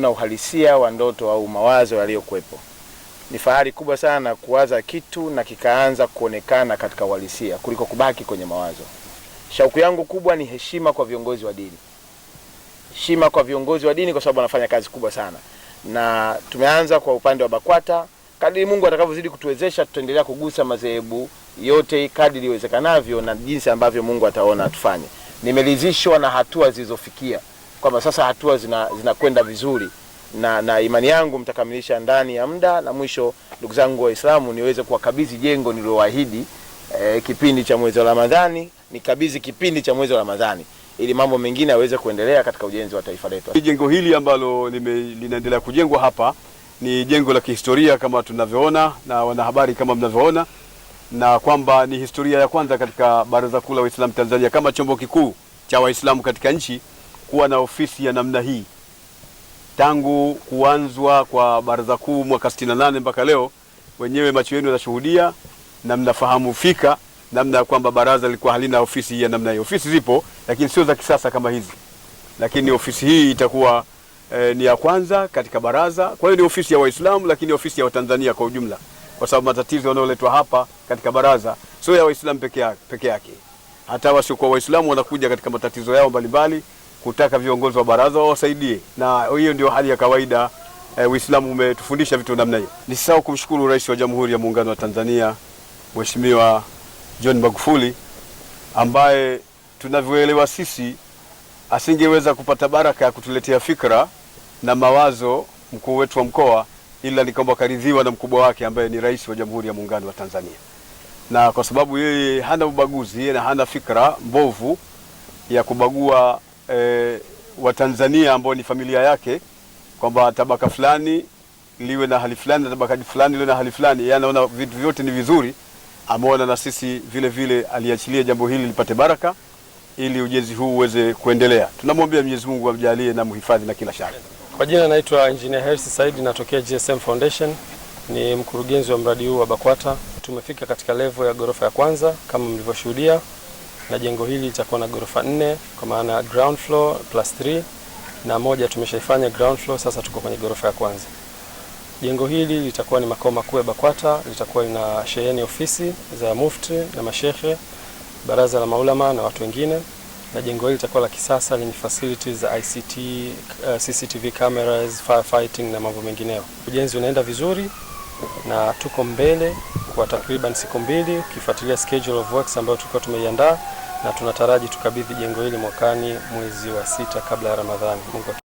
wanaona uhalisia wa ndoto au mawazo yaliyokuwepo. Ni fahari kubwa sana kuwaza kitu na kikaanza kuonekana katika uhalisia kuliko kubaki kwenye mawazo. Shauku yangu kubwa ni heshima kwa viongozi wa dini, heshima kwa viongozi wa dini kwa sababu wanafanya kazi kubwa sana, na tumeanza kwa upande wa BAKWATA. Kadiri Mungu atakavyozidi kutuwezesha, tutaendelea kugusa madhehebu yote kadiri iwezekanavyo na jinsi ambavyo Mungu ataona tufanye. Nimeridhishwa na hatua zilizofikia kwamba sasa hatua zinakwenda zina vizuri na, na imani yangu mtakamilisha ndani ya muda. Na mwisho, ndugu zangu Waislamu, niweze kuwakabidhi jengo nililoahidi e, kipindi cha mwezi wa Ramadhani, nikabidhi kipindi cha mwezi wa Ramadhani ili mambo mengine yaweze kuendelea katika ujenzi wa taifa letu. Jengo hili ambalo linaendelea kujengwa hapa ni jengo la kihistoria kama tunavyoona na wanahabari kama mnavyoona, na kwamba ni historia ya kwanza katika Baraza Kuu la Waislamu Tanzania kama chombo kikuu cha Waislamu katika nchi kuwa na ofisi ya namna hii tangu kuanzwa kwa Baraza Kuu mwaka 68 mpaka leo. Wenyewe macho yenu yanashuhudia na mnafahamu fika namna ya kwamba baraza lilikuwa halina ofisi ya namna hii. Ofisi zipo lakini sio za kisasa kama hizi, lakini ofisi hii itakuwa e, ni ya kwanza katika baraza. Kwa hiyo ni ofisi ya Waislamu lakini ofisi ya Watanzania kwa ujumla, kwa sababu matatizo yanayoletwa hapa katika baraza sio ya Waislamu peke yake, hata wasiokuwa Waislamu wanakuja katika matatizo yao mbalimbali kutaka viongozi wa baraza wawasaidie, na hiyo ndio hali ya kawaida. E, Uislamu umetufundisha vitu namna hiyo. sawa kumshukuru Rais wa Jamhuri ya Muungano wa Tanzania Mheshimiwa John Magufuli ambaye tunavyoelewa sisi asingeweza kupata baraka ya kutuletea fikra na mawazo mkuu wetu wa mkoa, ila ni kwamba karidhiwa na mkubwa wake ambaye ni Rais wa Jamhuri ya Muungano wa Tanzania, na kwa sababu yeye hana ubaguzi na hana fikra mbovu ya kubagua e, eh, Watanzania ambao ni familia yake kwamba tabaka fulani liwe na hali fulani na tabaka fulani liwe na hali fulani, yeye anaona vitu vyote ni vizuri. Ameona na sisi vile vile aliachilia jambo hili lipate baraka ili ujenzi huu uweze kuendelea. Tunamwombea Mwenyezi Mungu amjalie na mhifadhi na kila shari. Kwa jina naitwa Engineer Hersi Said, natokea GSM Foundation, ni mkurugenzi wa mradi huu wa BAKWATA. Tumefika katika levo ya ghorofa ya kwanza kama mlivyoshuhudia na jengo hili litakuwa na ghorofa nne kwa maana ground floor plus 3 na moja tumeshaifanya ground floor, sasa tuko kwenye ghorofa ya kwanza. Jengo hili litakuwa ni makao makuu ya BAKWATA, litakuwa lina sheheni ofisi za mufti na mashehe, baraza la maulama na watu wengine, na jengo hili litakuwa la kisasa lenye facilities za ICT, uh, CCTV cameras, firefighting na mambo mengineo Ujenzi unaenda vizuri na tuko mbele kwa takriban siku mbili, ukifuatilia schedule of works ambayo tulikuwa tumeiandaa na tunataraji tukabidhi jengo hili mwakani mwezi wa sita kabla ya Ramadhani, Mungu